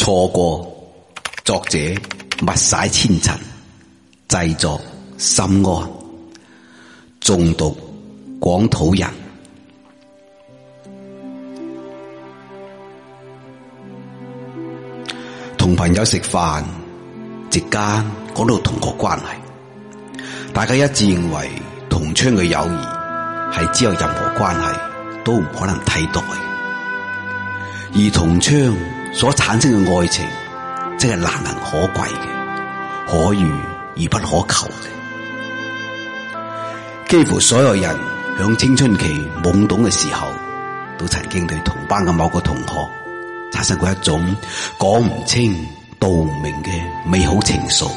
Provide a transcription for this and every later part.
錯過，作者物洗千塵，製作心安，誦讀廣土人，同 朋友食飯，席間講到同學關係，大家一致認為同窗嘅友誼係，只有任何關係都唔可能替代，而同窗。真正嘅愛情即係難能可貴嘅，可遇而不可求嘅。幾乎所有人響青春期懵懂嘅時候，都曾經對同班嘅某個同學產生過一種講唔清道唔明嘅美好情愫。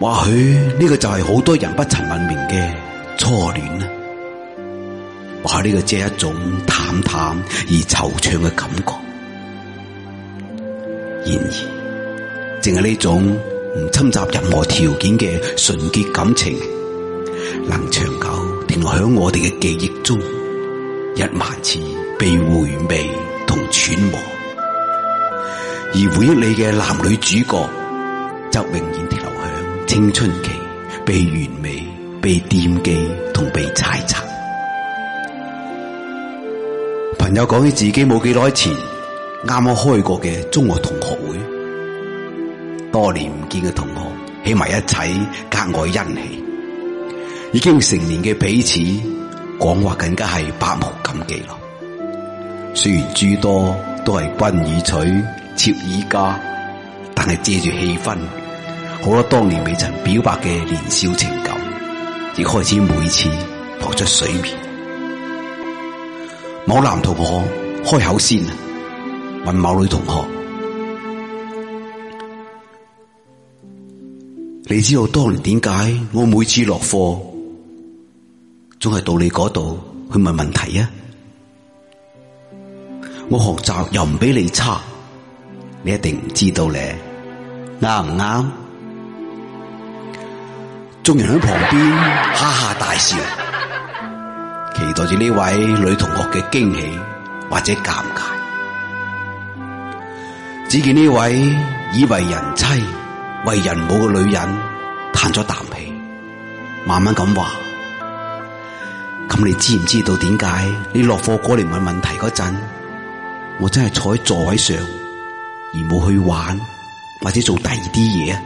或許呢個就係好多人不曾問明嘅初戀啦、啊。或許呢個只係一種淡淡而惆悵嘅感覺。然而，淨係呢種唔侵襲任何條件嘅純潔感情，能長久停留響我哋嘅記憶中，一萬次被回味同揣摩；而回憶你嘅男女主角，則永遠停留響青春期，被完美、被惦記同被猜測。朋友講起自己冇幾耐前。啱啱開過嘅中學同學會，多年唔見嘅同學起埋一齊格外欣喜。已經成年嘅彼此講話更加係百無禁忌咯。雖然諸多都係君以取、妾以家，但係借住氣氛，好多當年未曾表白嘅年少情感，亦開始每次浮出水面。某男同學開口先。問某女同學，你知道當年點解我每次落課，總係到你嗰度去問問題啊？我學習又唔畀你差，你一定唔知道咧，啱唔啱？眾人喺旁邊哈哈大笑，期待住呢位女同學嘅驚喜或者尷尬。只見呢位以為人妻、為人母嘅女人嘆咗啖氣，慢慢咁話：咁你知唔知道點解你落課過嚟問問題陣，我真係坐喺座位上而冇去玩或者做第二啲嘢？啊？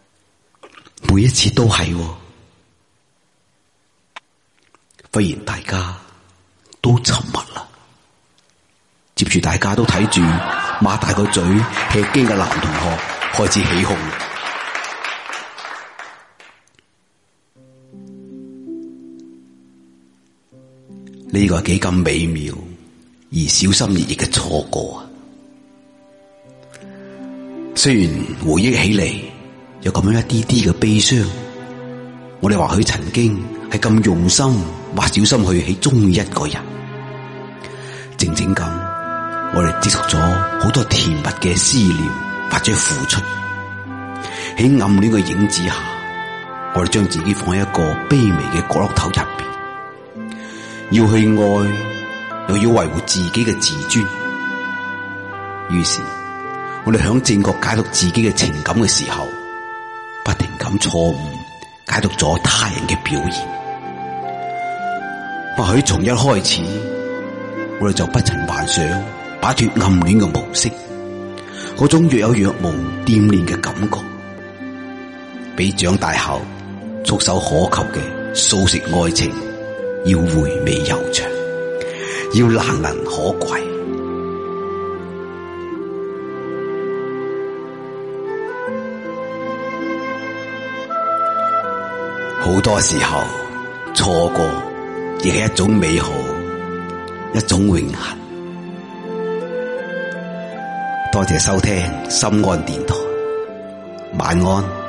每一次都係，忽然大家都沉默。住！大家都睇住，擘大個嘴吃驚嘅男同學開始起哄。呢個係幾咁美妙而小心翼翼嘅錯過啊！雖然回憶起嚟有咁樣一啲啲嘅悲傷，我哋或許曾經係咁用心或小心去喜中意一個人，靜靜咁。我哋接觸咗好多甜蜜嘅思念或者付出，喺暗戀嘅影子下，我哋將自己放喺一個卑微嘅角落頭入邊，要去愛又要維護自己嘅自尊，於是我哋響正確解讀自己嘅情感嘅時候，不停咁錯誤解讀咗他人嘅表現，或許從一開始我哋就不曾幻想。擺脫暗戀嘅模式，種若有若無、惦念嘅感覺，比長大後觸手可及嘅素食愛情，要回味悠長，要難能可貴。好 多時候錯過，亦係一種美好，一種永恆。多謝收聽心安電台，晚安。